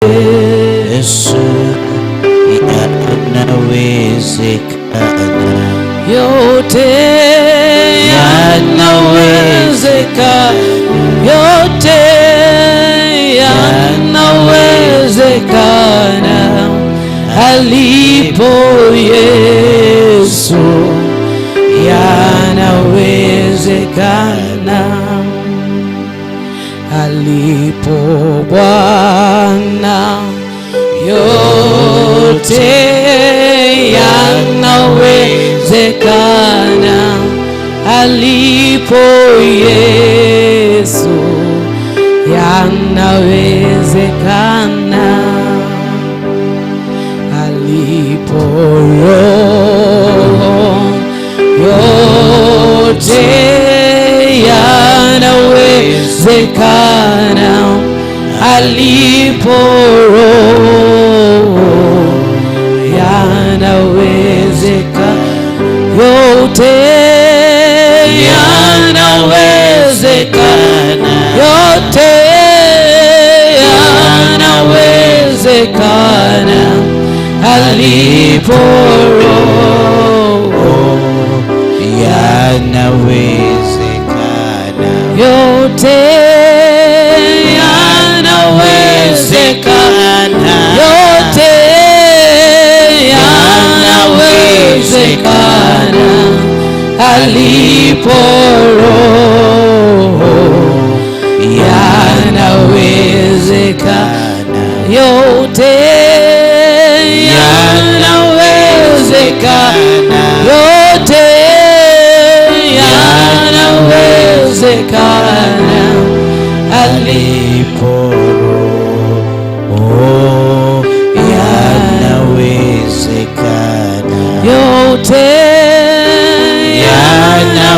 yote yanawezeka, yote yanawezekana alipo Yesu, yanawezekana. Ulipo Bwana, yote yanawezekana. Alipo Yesu, yanawezekana. Alipo Roho, yote yawezekana alipo Roho yanawezekana yote yanawezekana yote yanawezekana alipo Roho yanawezekana yote yanawezekana, yote yanawezekana alipo Roho, yanawezekana yote yanawezekana yawezekana alipo yote, yanawezekana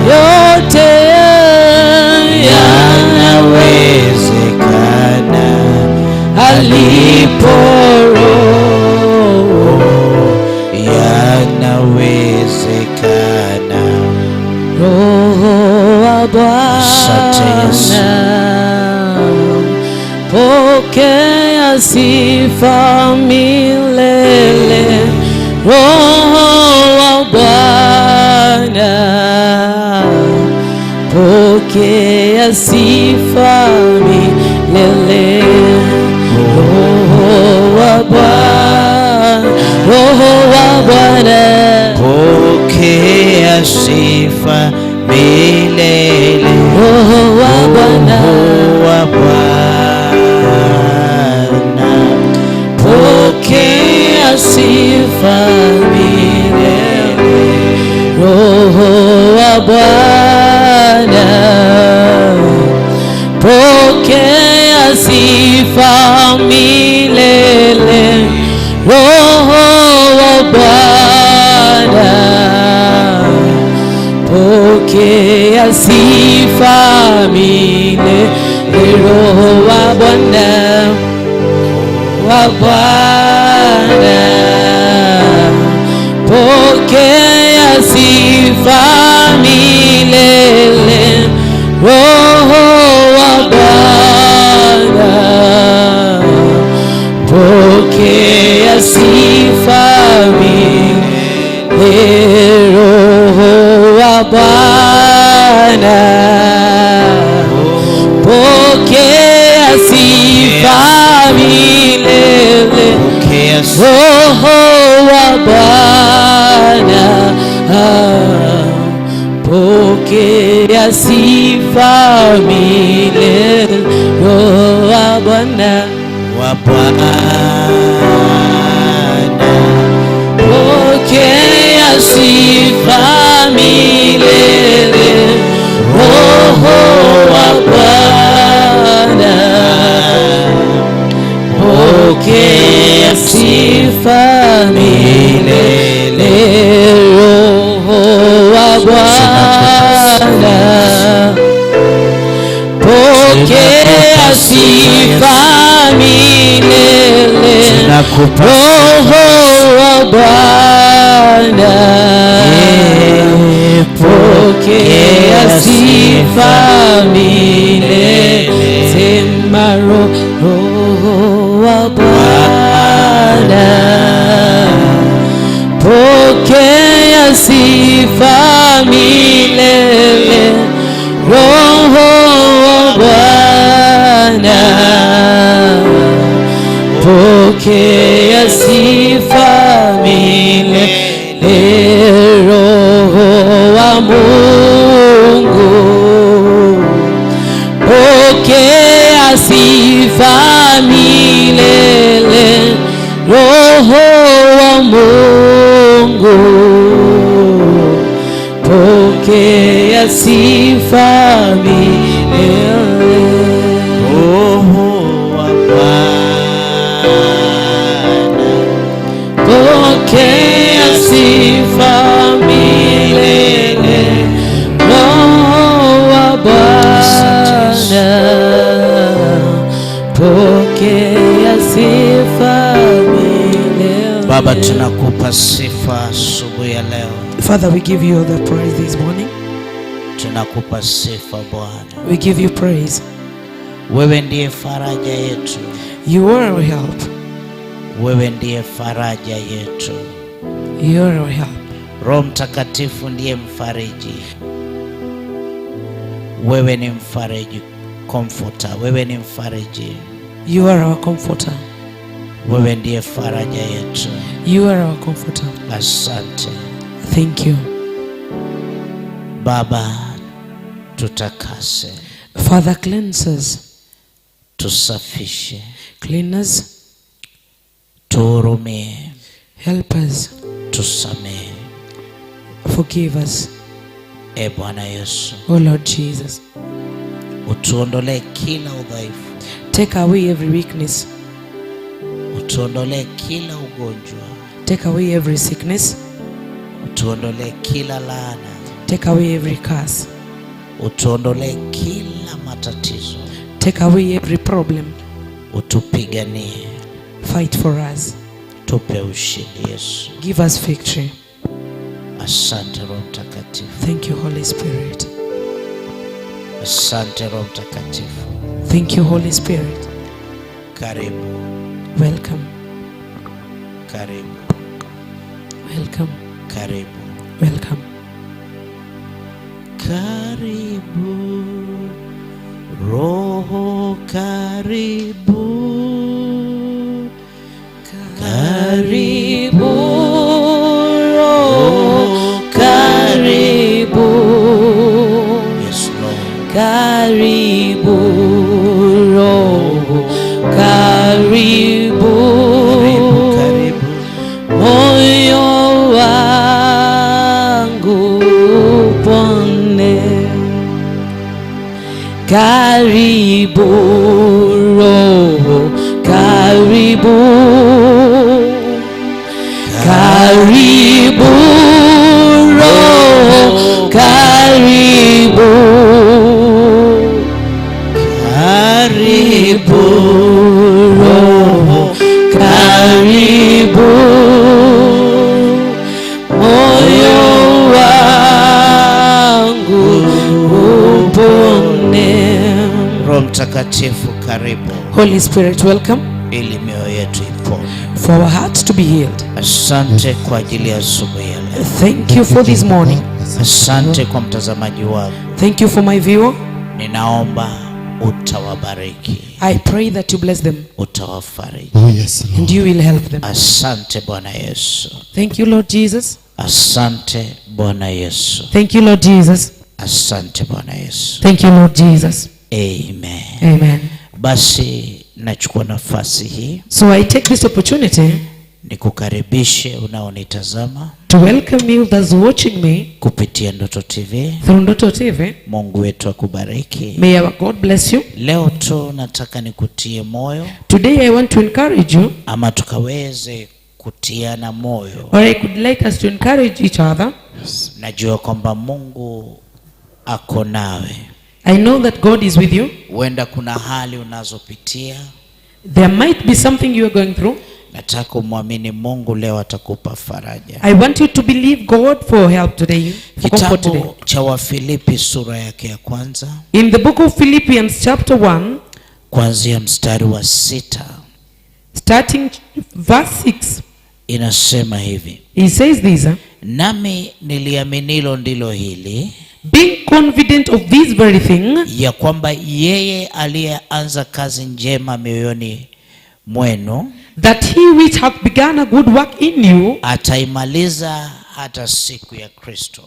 yote, yanawezekana alipo si familele oh, oh Bwana pokea sifa milele oh, oh Bwana oh, Bwana pokea sifa oh, se família oh, oh abana porque assim família oh, oh abana porque assim família oh, oh abana oh, abana da, da. que si familia oh, aguarda porque así familia oh, aguarda porque assim familia sifa milele, Roho wa Bwana pokea sifa milele, Roho wa Mungu se infame eu corro a pana porque assim família corro a pana porque assim família Baba tunakupa sifa asubuhi a leão. Father we give you all the praise this morning Tunakupa sifa Bwana. We give you praise. Wewe ndiye faraja yetu. You are our help. Wewe ndiye faraja yetu. You are our help. Roho Mtakatifu ndiye mfariji. Wewe ni mfariji, comforter. Wewe ni mfariji. You are our comforter. Wewe ndiye faraja yetu. You are our comforter. Asante. Thank you. Baba tutakase. Father cleanses. Tusafishe. Clean us. Tuhurumie. Help us. Tusamehe. Forgive us. E Bwana Yesu. Oh Lord Jesus. Utuondolee kila udhaifu. Take away every weakness. Utuondolee kila ugonjwa. Take away every sickness. Utuondolee kila laana. Take away every curse utuondolee kila matatizo. Take away every problem. Utupiganie. Fight for us. Tupe ushindi Yesu. Give us victory. Asante Roho Mtakatifu. Thank you Holy Spirit. Asante Roho Mtakatifu. Thank you Holy Spirit. Karibu. Welcome. Karibu. Welcome. Karibu. Welcome karibu, Roho karibu, karibu. tribo. Holy Spirit, welcome. Ili mioyo yetu ipone. For our hearts to be healed. Asante kwa ajili ya asubuhi ya leo. Thank you for this morning. Asante kwa mtazamaji wangu. Thank you for my viewer. Ninaomba utawabariki. I pray that you bless them. Utawafariji. Oh yes, Lord. And you will help them. Asante Bwana Yesu. Thank you Lord Jesus. Asante Bwana Yesu. Thank you Lord Jesus. Asante Bwana Yesu. Thank you Lord Jesus. Amen. Amen. Basi nachukua nafasi hii. So I take this opportunity nikukaribishe unaonitazama, to welcome you that's watching me kupitia Ndoto TV, through Ndoto TV. Mungu wetu akubariki. May our God bless you. Leo tu nataka nikutie moyo. Today I want to encourage you. Ama tukaweze kutiana moyo. Or I could like us to encourage each other. Najua kwamba Mungu ako nawe. I know that God is with you. Huenda kuna hali unazopitia. There might be something you are going through. Nataka umwamini Mungu leo atakupa faraja. I want you to believe God for help today. For Kitabu cha Wafilipi sura yake ya kwanza. In the book of Philippians chapter 1 kuanzia mstari wa sita. Starting verse 6. Inasema hivi. He says this. Nami niliaminilo ndilo hili Being confident of this very thing, ya kwamba yeye aliyeanza kazi njema mioyoni mwenu, that he which hath begun a good work in you, ataimaliza hata siku ya Kristo,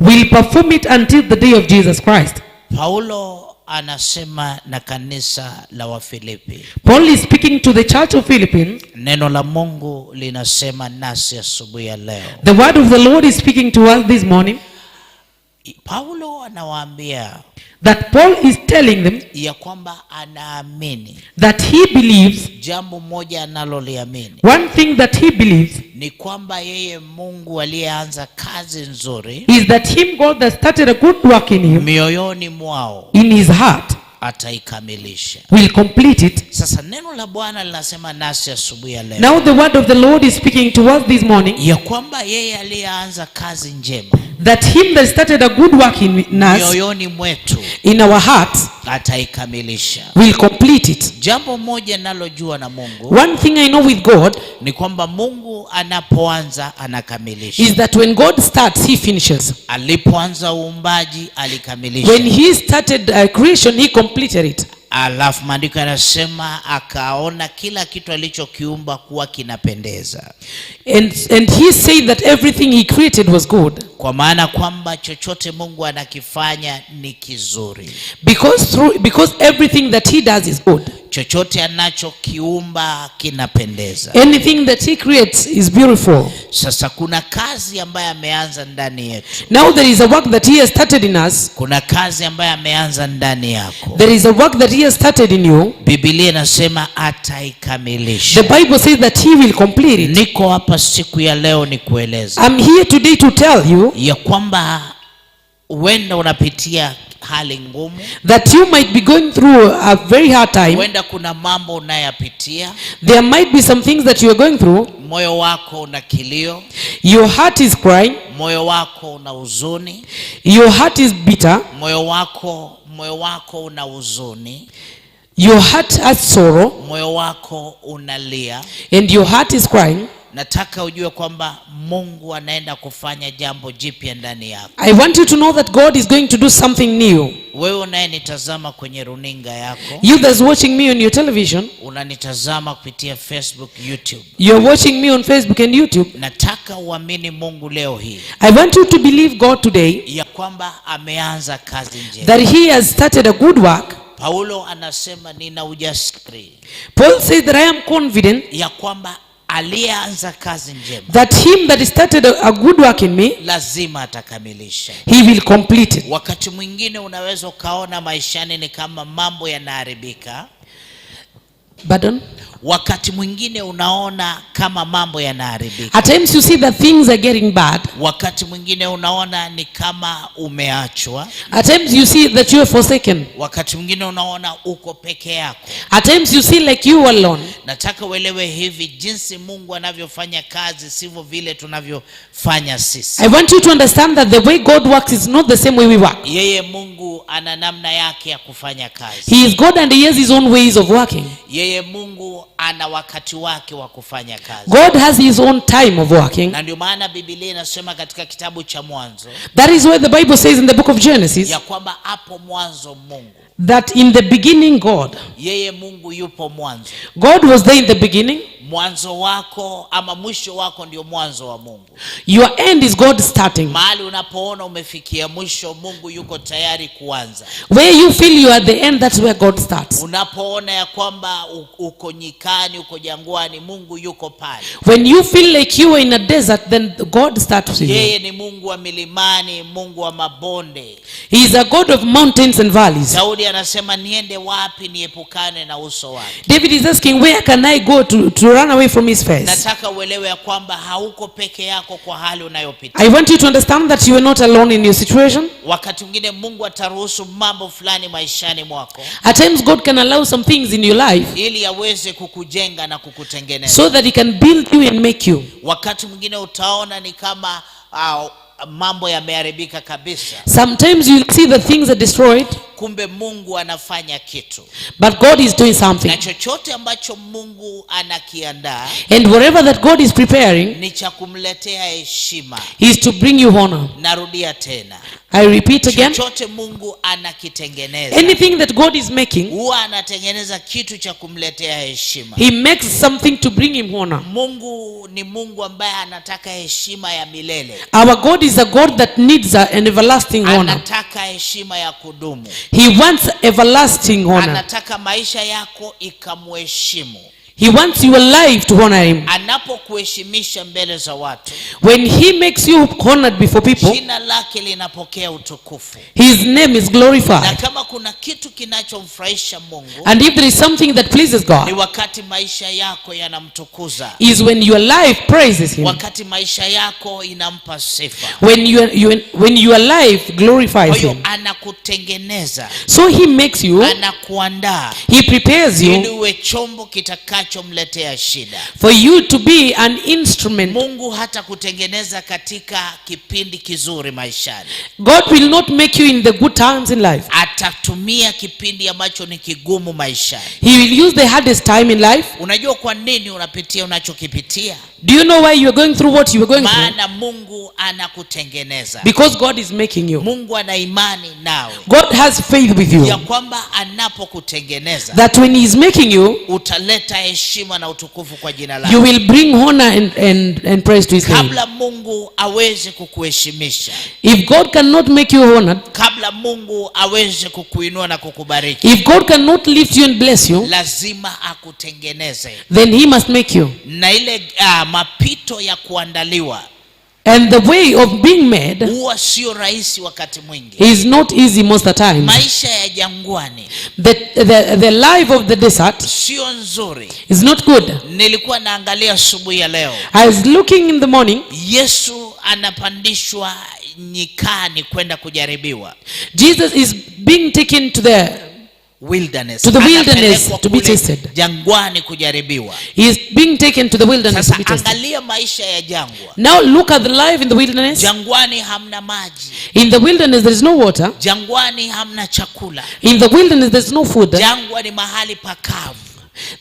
will perform it until the day of Jesus Christ. Paulo anasema na kanisa la Wafilipi. Paul is speaking to the church of Philippines. Neno la Mungu linasema nasi asubuhi ya leo. The word of the Lord is speaking to us this morning. Paulo anawaambia that Paul is telling them ya kwamba anaamini that he believes jambo moja analoliamini one thing that he believes ni kwamba yeye Mungu aliyeanza kazi nzuri is that him God that started a good work in him mioyoni mwao in his heart ataikamilisha will complete it sasa neno la bwana linasema nasi asubuhi ya leo now the word of the lord is speaking to us this morning ya kwamba yeye aliyeanza kazi njema that him that started a good work in us, mioyoni mwetu, in our heart ataikamilisha, will complete it. Jambo moja nalojua na Mungu, one thing I know with God, ni kwamba Mungu anapoanza anakamilisha, is that when God starts he finishes. Alipoanza uumbaji alikamilisha, when he started uh, creation he completed it Alafu maandiko yanasema akaona kila kitu alichokiumba kuwa kinapendeza. And, and he said that everything he created was good. Kwa maana kwamba chochote Mungu anakifanya ni kizuri. Because through, because everything that he does is good chochote anachokiumba kinapendeza. Anything that he creates is beautiful. Sasa kuna kazi ambayo ameanza ndani yetu. Now there is a work that he has started in us. Kuna kazi ambayo ameanza ndani yako. There is a work that he has started in you. Biblia inasema ataikamilisha. The Bible says that he will complete it. Niko hapa siku ya leo nikueleze. I'm here today to tell you ya kwamba huenda unapitia hali ngumu that you might be going through a very hard time huenda kuna mambo unayapitia there might be some things that you are going through moyo wako una kilio your heart is crying moyo wako una huzuni your heart is bitter moyo wako moyo wako una huzuni your heart has sorrow moyo wako unalia and your heart is crying nataka ujue kwamba Mungu anaenda kufanya jambo jipya ndani yako. I want you to know that God is going to do something new. Wewe unayenitazama kwenye runinga yako. You that's watching me on your television. Unanitazama kupitia Facebook, YouTube. You watching me on Facebook and YouTube. Nataka uamini Mungu leo hii. I want you to believe God today. Ya kwamba ameanza kazi njema. That he has started a good work. Paulo anasema nina ujasiri. Paul said that I am confident. Ya kwamba aliyeanza kazi njema that him that started a good work in me lazima atakamilisha he will complete it. Wakati mwingine unaweza ukaona maishani ni kama mambo yanaharibika. Pardon? wakati mwingine unaona kama mambo yanaharibika. At times you see that things are getting bad. Wakati mwingine unaona ni kama umeachwa. At times you see that you are forsaken. Wakati mwingine unaona uko peke yako. At times you see like you alone. Nataka uelewe hivi, jinsi Mungu anavyofanya kazi sivyo vile tunavyofanya sisi. I want you to understand that the way God works is not the same way we work. Yeye Mungu ana namna yake ya kufanya kazi. He is God and he has his own ways of working. Yeye Mungu ana wakati wake wa kufanya kazi. God has his own time of working. Na ndio maana Biblia inasema katika kitabu cha Mwanzo. That is where the Bible says in the book of Genesis. Ya kwamba hapo mwanzo Mungu. That in the beginning God. Yeye Mungu yupo mwanzo. God was there in the beginning mwanzo wako ama mwisho wako ndio mwanzo wa Mungu. Your end is God starting. Mahali unapoona umefikia mwisho, Mungu yuko tayari kuanza. Where you feel you are the end, that's where God starts. Unapoona ya kwamba uko nyikani, uko jangwani, Mungu yuko pale. When you feel like you are in a desert, then God starts with you. Yeye ni Mungu wa milimani, Mungu wa mabonde. He is a God of mountains and valleys. Daudi anasema niende wapi niepukane na uso wake? David is asking where can I go to, to run away from his face. Nataka uelewe kwamba hauko peke yako kwa hali unayopitia. I want you to understand that you are not alone in your situation. Wakati mwingine Mungu ataruhusu mambo fulani maishani mwako. At times God can allow some things in your life. Ili aweze kukujenga na kukutengeneza. So that he can build you and make you. Wakati mwingine utaona ni kama uh, mambo yameharibika kabisa. Sometimes you see the things are destroyed. Kumbe Mungu anafanya kitu. But God is doing something. Na chochote ambacho Mungu anakiandaa. And whatever that God is preparing. Ni cha kumletea heshima. Is to bring you honor. Narudia tena. I repeat again. Chochote Mungu anakitengeneza. Anything that God is making. Huwa anatengeneza kitu cha kumletea heshima. He makes something to bring him honor. Mungu ni Mungu ambaye anataka heshima ya milele. Our God is a God that needs an everlasting honor. Anataka heshima ya kudumu. He wants everlasting honor. Anataka maisha yako ikamheshimu. He wants your life to honor him. Anapokuheshimisha mbele za watu. When he makes you honored before people. Jina lake linapokea utukufu. His name is glorified. Na kama kuna kitu kinachomfurahisha Mungu. And if there is something that pleases God. Ni wakati maisha yako yanamtukuza. Is when your life praises him. Wakati maisha yako inampa sifa. When your you, when your life glorifies him. Anakutengeneza. So he makes you. Anakuandaa. He prepares you. Ili uwe chombo kitakacho kinachomletea shida. For you to be an instrument. Mungu hata kutengeneza katika kipindi kizuri maishani. God will not make you in the good times in life. Atatumia kipindi ambacho ni kigumu maishani. He will use the hardest time in life. Unajua kwa nini unapitia unachokipitia? Do you know why you are going through what you are going through? Mungu anakutengeneza. Because God is making you. Mungu ana imani nawe. God has faith with you. Ya kwamba anapokutengeneza. That when he is making you, utaleta heshima na utukufu kwa jina lake. You will bring honor and, and, and praise to his name. Kabla Mungu aweze kukuheshimisha. If God cannot make you honored, kabla Mungu aweze kukuinua na kukubariki. If God cannot lift you and bless you, lazima akutengeneze. Then he must make you. Na ile uh, mapito ya kuandaliwa And the way of being made huwa sio rahisi wakati mwingi. Is not easy most of the time. Maisha ya jangwani. The, the, the life of the desert sio nzuri. Is not good. Nilikuwa naangalia asubuhi ya leo. I was looking in the morning. Yesu anapandishwa nyikani kwenda kujaribiwa. Jesus is being taken to the wilderness to the wilderness to be tested, jangwani kujaribiwa. He is being taken to the wilderness Sasa to be tested. Angalia maisha ya jangwa. Now look at the life in the wilderness. Jangwani hamna maji. In the wilderness there is no water. Jangwani hamna chakula. In the wilderness there is no food. Jangwa ni mahali pakavu.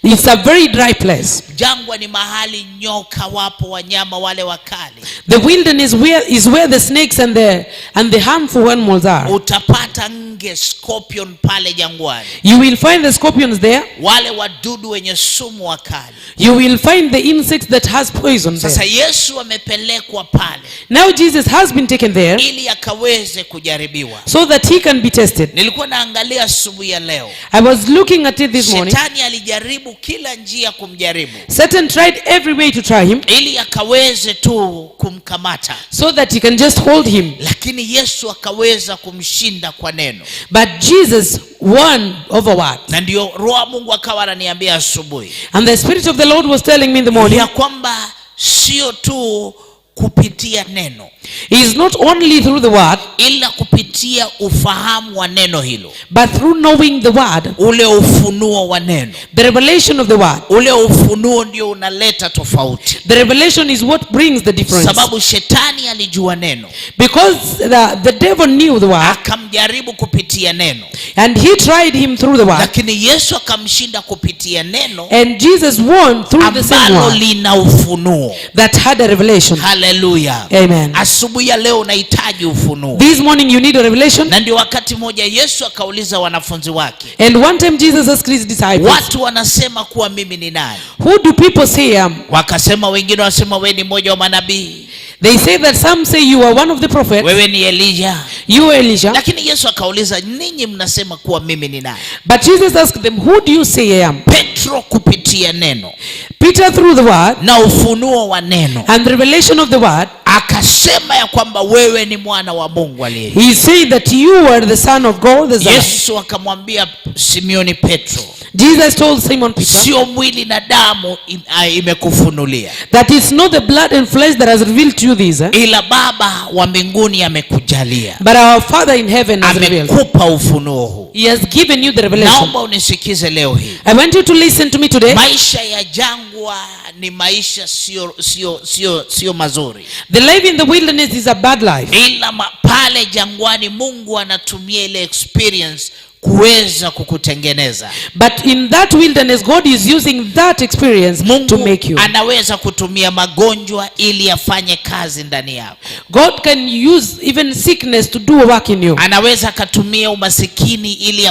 It's a very dry place. Jangwa ni mahali nyoka wapo, wanyama wale wakali. The wilderness where is where the snakes and the and the harmful animals are. Utapata nge scorpion pale jangwani. You will find the scorpions there. Wale wadudu wenye sumu wakali. You will find the insects that has poison there. Sasa Yesu amepelekwa pale. Now Jesus has been taken there. Ili akaweze kujaribiwa. So that he can be tested. Nilikuwa naangalia asubuhi ya leo. I was looking at it this morning. Shetani alijaribu alijaribu kila njia kumjaribu. Satan tried every way to try him, ili akaweze tu kumkamata, so that he can just hold him. Lakini Yesu akaweza kumshinda kwa neno, but Jesus won over what. Na ndio Roho Mungu akawa ananiambia asubuhi, and the spirit of the Lord was telling me in the morning, ya kwamba sio tu kupitia neno. is not only through the word, ila kupitia ufahamu wa neno hilo, but through knowing the word, ule ufunuo wa neno, the revelation of the word, ule ufunuo ndio unaleta tofauti. The revelation is what brings the difference, sababu shetani alijua neno, because the, the devil knew the word, akamjaribu kupitia neno, and he tried him through the word, lakini Yesu akamshinda kupitia neno, and Jesus won through the same word, lina ufunuo that had a revelation. Hallelujah. Haleluya. Amen. Asubuhi ya leo unahitaji ufunuo. This morning you need a revelation. Na ndio wakati mmoja Yesu akauliza wanafunzi wake. And one time Jesus asked his disciples. Watu wanasema kuwa mimi ni nani? Who do people say I am? Wakasema wengine wasema wewe ni mmoja wa manabii. They say that some say you are one of the prophets. Wewe ni Elijah. You are Elijah. Lakini Yesu akauliza ninyi mnasema kuwa mimi ni nani? But Jesus asked them who do you say I am? Petro kupitia kupitia neno Peter through the word, na ufunuo wa neno and the revelation of the word, akasema ya kwamba wewe ni mwana wa Mungu aliye. He said that you are the son of God. The Yesu akamwambia Simioni Petro Jesus told Simon Peter, sio mwili na damu ah, imekufunulia, that is not the blood and flesh that has revealed to you this, eh? ila Baba wa mbinguni amekujalia, but our Father in heaven has revealed, amekupa ufunuo huu, he has given you the revelation. Naomba unisikize leo hii, I want you to listen to me today maisha ya jangwa ni maisha sio sio sio sio mazuri the life in the wilderness is a bad life ila pale jangwani mungu anatumia ile experience kuweza kukutengeneza but in that wilderness god is using that experience mungu to make you anaweza kutumia magonjwa ili afanye kazi ndani yako god can use even sickness to do a work in you anaweza akatumia umasikini ili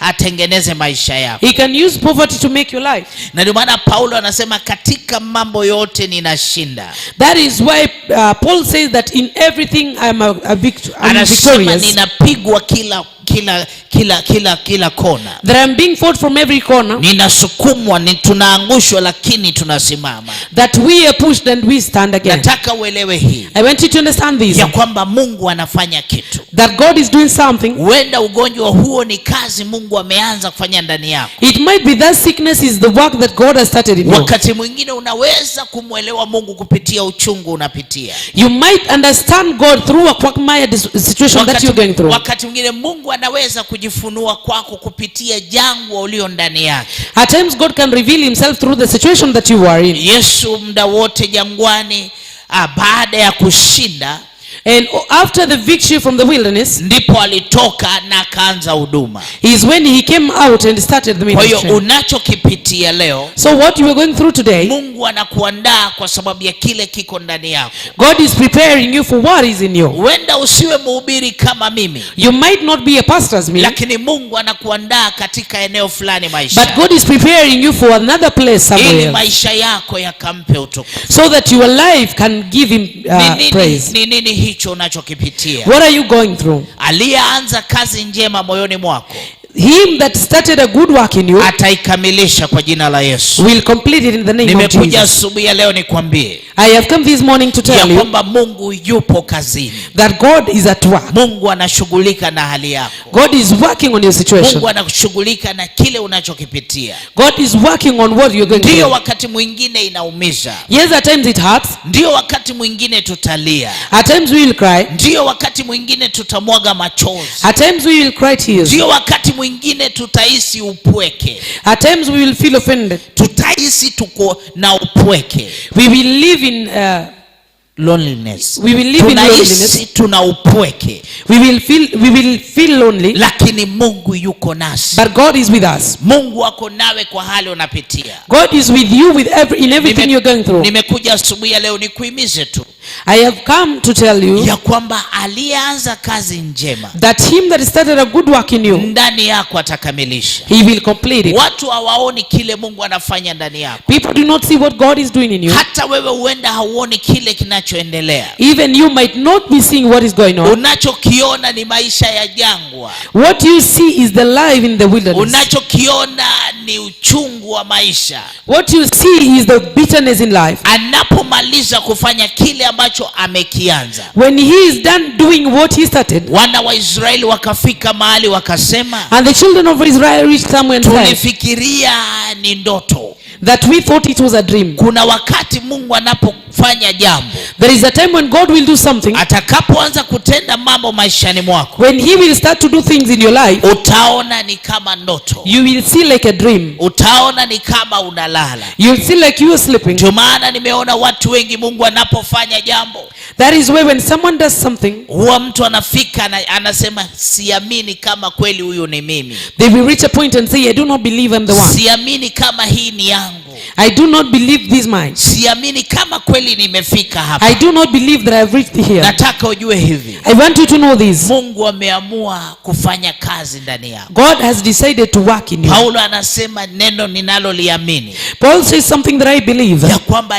atengeneze maisha yako he can use poverty to make your life na ndio maana paulo anasema katika mambo yote ninashinda that is why uh, paul says that in everything I am a, a victor, anasema ninapigwa kila kila kila kila kila kona. That I'm being fought from every corner. Ninasukumwa ni tunaangushwa, lakini tunasimama. That we are pushed and we stand again. Nataka uelewe hii. I want you to understand this. Ya kwamba Mungu anafanya kitu that God is doing something. Huenda ugonjwa huo ni kazi Mungu ameanza kufanya ndani yako. It might be that sickness is the work that God has started in you. Wakati mwingine unaweza kumwelewa Mungu kupitia uchungu unapitia. You might understand God through a quagmire situation wakati, that you're going through. Wakati mwingine Mungu anaweza kujifunua kwako kupitia jangwa ulio ndani yake. At times God can reveal himself through the situation that you are in. Yesu muda wote jangwani ah, baada ya kushinda And after the victory from the wilderness, ndipo alitoka na kaanza huduma. Is when he came out and started the ministry. Kwa hiyo unachokipitia leo, so what you are going through today, Mungu anakuandaa kwa sababu ya kile kiko ndani yako. God is preparing you for what is in you. Wenda usiwe mhubiri kama mimi. You might not be a pastor as me. Lakini Mungu anakuandaa katika eneo fulani maisha. But God is preparing you for another place somewhere. Ili maisha yako yakampe utukufu. So that your life can give him uh, praise. Ni nini hii? hicho unachokipitia. What are you going through? Aliyeanza kazi njema moyoni mwako Him that started a good work in you ataikamilisha kwa jina la Yesu. Will complete it in the name of Jesus. Nimekuja asubuhi ya leo nikwambie. I have come this morning to tell ya you kwamba Mungu yupo kazini. That God is at work. Mungu anashughulika na hali yako. God is working on your situation. Mungu anashughulika na kile unachokipitia. God is working on what you're going through. Ndio wakati mwingine inaumiza. Yes, at times it hurts. Ndio wakati mwingine tutalia. At times we will cry. Ndio wakati mwingine tutamwaga machozi. At times we will cry tears. Ndio wakati mwingine tutahisi upweke at times we will feel offended tutahisi tuko na upweke we will live in uh, loneliness we will live Tunahisi, in loneliness tuna upweke we will feel we will feel lonely lakini mungu yuko nasi but god is with us mungu ako nawe kwa hali unapitia god is with you with every, in everything Nime, you're going through nimekuja asubuhi ya leo nikuhimize tu I have come to tell you ya kwamba aliyeanza kazi njema that him that started a good work in you ndani yako atakamilisha he will complete it. Watu hawaoni kile Mungu anafanya ndani yako. People do not see what God is doing in you. Hata wewe huenda hauoni kile kinachoendelea. Even you might not be seeing what is going on. Unachokiona ni maisha ya jangwa. What you see is the life in the wilderness. Unachokiona ni uchungu wa maisha. What you see is the bitterness in life. Anapomaliza kufanya kile ambacho ambacho amekianza. When he is done doing what he started, wana wa Israeli wakafika mahali wakasema, and the children of Israel reached somewhere, tulifikiria ni ndoto, that we thought it was a dream. Kuna wakati Mungu anapo kufanya jambo. There is a time when God will do something. Atakapoanza kutenda mambo maishani mwako, when he will start to do things in your life, utaona ni kama ndoto, you will see like a dream. Utaona ni kama unalala, you will see like you are sleeping. Ndio maana nimeona watu wengi Mungu anapofanya jambo, that is why when someone does something, huwa mtu anafika na, anasema siamini kama kweli huyu ni mimi. They will reach a point and say I do not believe I'm the one. Siamini kama hii ni yangu. I do not believe this mine. Siamini kama kweli naamini nimefika hapa. I do not believe that I have reached here. Nataka ujue hivi. I want you to know this. Mungu ameamua kufanya kazi ndani yako. God has decided to work in you. Paulo anasema neno ninaloliamini. Paul says something that I believe. Ya kwamba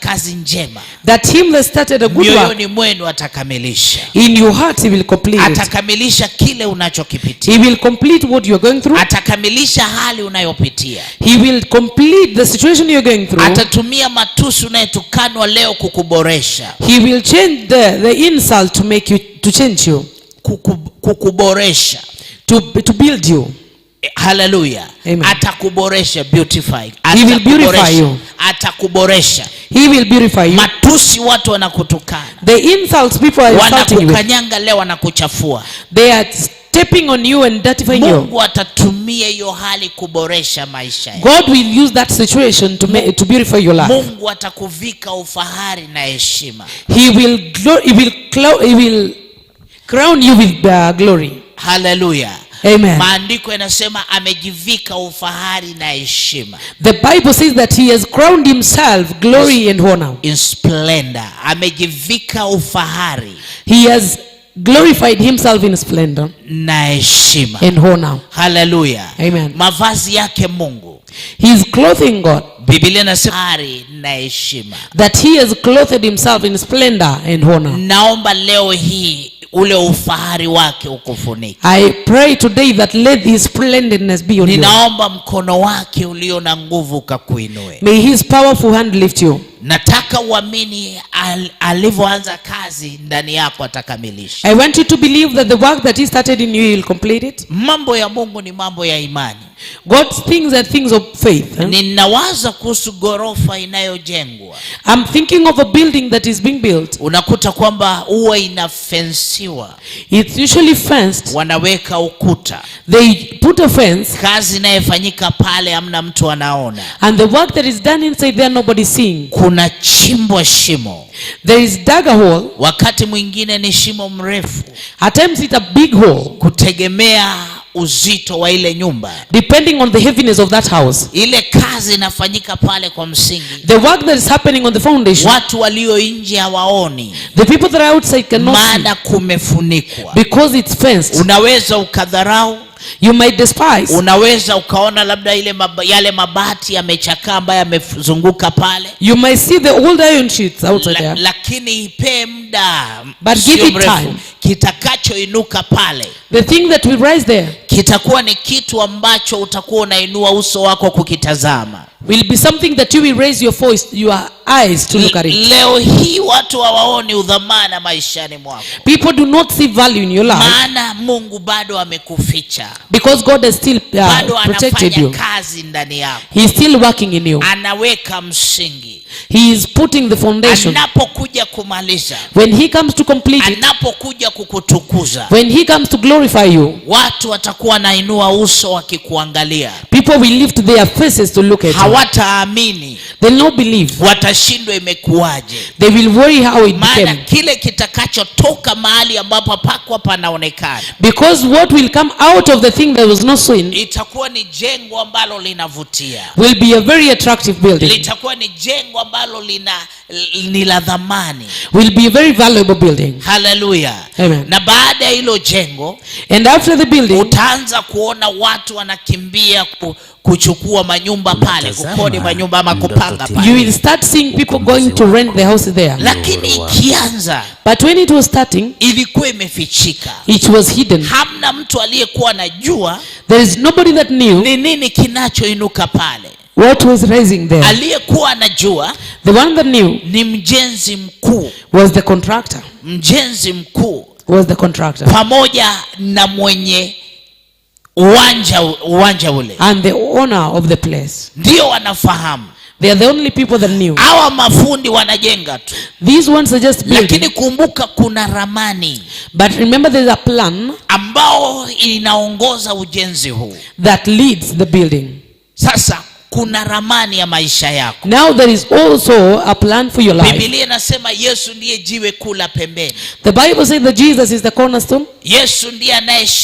kazi njema. That him that started a good work. Mioyoni mwenu atakamilisha. In your heart he will complete. Atakamilisha kile unachokipitia. He will complete what you are going through. Atakamilisha hali unayopitia. He will complete the situation you are going through. Atatumia matusi unayetukanwa wa leo kukuboresha. He will change the, the insult to make you, to change you. Kuku, kukuboresha. To, to build you. Eh, hallelujah. Amen. Atakuboresha, beautify. He will beautify you. Atakuboresha. He will beautify you. Matusi watu wanakutukana. The insults people are insulting you. Wanakukanyanga leo wanakuchafua. They are stepping on you and dirtifying you. Mungu atatumia hiyo hali kuboresha maisha yako. God will use that situation to make, to beautify your life. Mungu atakuvika ufahari na heshima. He will glory, he will he will crown you with the uh, glory. Hallelujah. Amen. Maandiko yanasema amejivika ufahari na heshima. The Bible says that he has crowned himself glory and honor. In splendor. Amejivika ufahari. He has glorified himself in splendor na heshima and honor. Hallelujah. Amen. Mavazi yake Mungu. He is clothing God. Biblia inasema na heshima. That he has clothed himself in splendor and honor. Naomba leo hii ule ufahari wake ukufunike. I pray today that let his splendidness be on you. Ninaomba mkono wake ulio na nguvu ukakuinue. May his powerful hand lift you. Nataka uamini al, alivyoanza kazi ndani yako atakamilisha. I want you to believe that the work that he started in you will complete it. Mambo ya Mungu ni mambo ya imani. God's things are things of faith. Eh? Ninawaza kuhusu gorofa inayojengwa. I'm thinking of a building that is being built. Unakuta kwamba huwa inafensiwa. It's usually fenced. Wanaweka ukuta. They put a fence. Kazi inayofanyika pale hamna mtu anaona. And the work that is done inside there nobody seeing. Kuna kunachimbwa shimo. There is dug a hole. Wakati mwingine ni shimo mrefu. At times it's a big hole. Kutegemea uzito wa ile nyumba, depending on the heaviness of that house. Ile kazi inafanyika pale kwa msingi, the work that is happening on the foundation. Watu walio nje hawaoni, the people that are outside cannot see, maana kumefunikwa, because it's fenced. Unaweza ukadharau You might despise. Unaweza ukaona labda ile mab yale mabati yamechakaa ambayo yamezunguka pale. You might see the old iron sheets out there. lakini ipe muda. But give it time. Kitakachoinuka pale. The thing that will rise there. Kitakuwa ni kitu ambacho utakuwa unainua uso wako kukitazama. Will be something that you will raise your voice, your eyes to look at it. Leo hii watu hawaoni udhamana maishani mwako. People do not see value in your life. Maana Mungu bado amekuficha. Because God has still uh, bado protected you. Kazi ndani yako. He is still working in you. Anaweka msingi. He is putting the foundation. Anapokuja kumaliza. When he comes to complete it. Anapokuja kukutukuza. When he comes to glorify you. Watu watakuwa nainua uso wakikuangalia. People will lift their faces to look at you. Hawataamini. They not believe. Watashindwa imekuwaje. They will worry how it Maana, became. Maana kile kitakachotoka mahali ambapo pakwa panaonekana because what will come out of the thing that was no sin itakuwa ni jengo ambalo linavutia will be a very attractive building litakuwa ni jengo ambalo lina ni la dhamani will be a very valuable building haleluya na baada ya hilo jengo and after the building utaanza kuona watu wanakimbia ku, kuchukua manyumba pale, kukodi manyumba ama kupanga pale. You will start seeing people going to rent the house there. Lakini ikianza, but when it was starting, ilikuwa imefichika. It was hidden. Hamna mtu aliyekuwa anajua. There is nobody that knew. Ni nini kinachoinuka pale? What was rising there? Aliyekuwa anajua, the one that knew, ni mjenzi mkuu. Was the contractor. Mjenzi mkuu. Was the contractor. Pamoja na mwenye uwanja, uwanja ule and the owner of the place ndio wanafahamu They are the only people that knew. Hawa mafundi wanajenga tu. These ones are just building. Lakini kumbuka kuna ramani. But remember there's a plan ambao inaongoza ujenzi huu. That leads the building. Sasa kuna ramani ya maisha yako. Now there is also a plan for your life. Biblia inasema Yesu ndiye jiwe kuu la pembeni. The Bible says that Jesus is the cornerstone. Yesu ndiye anaye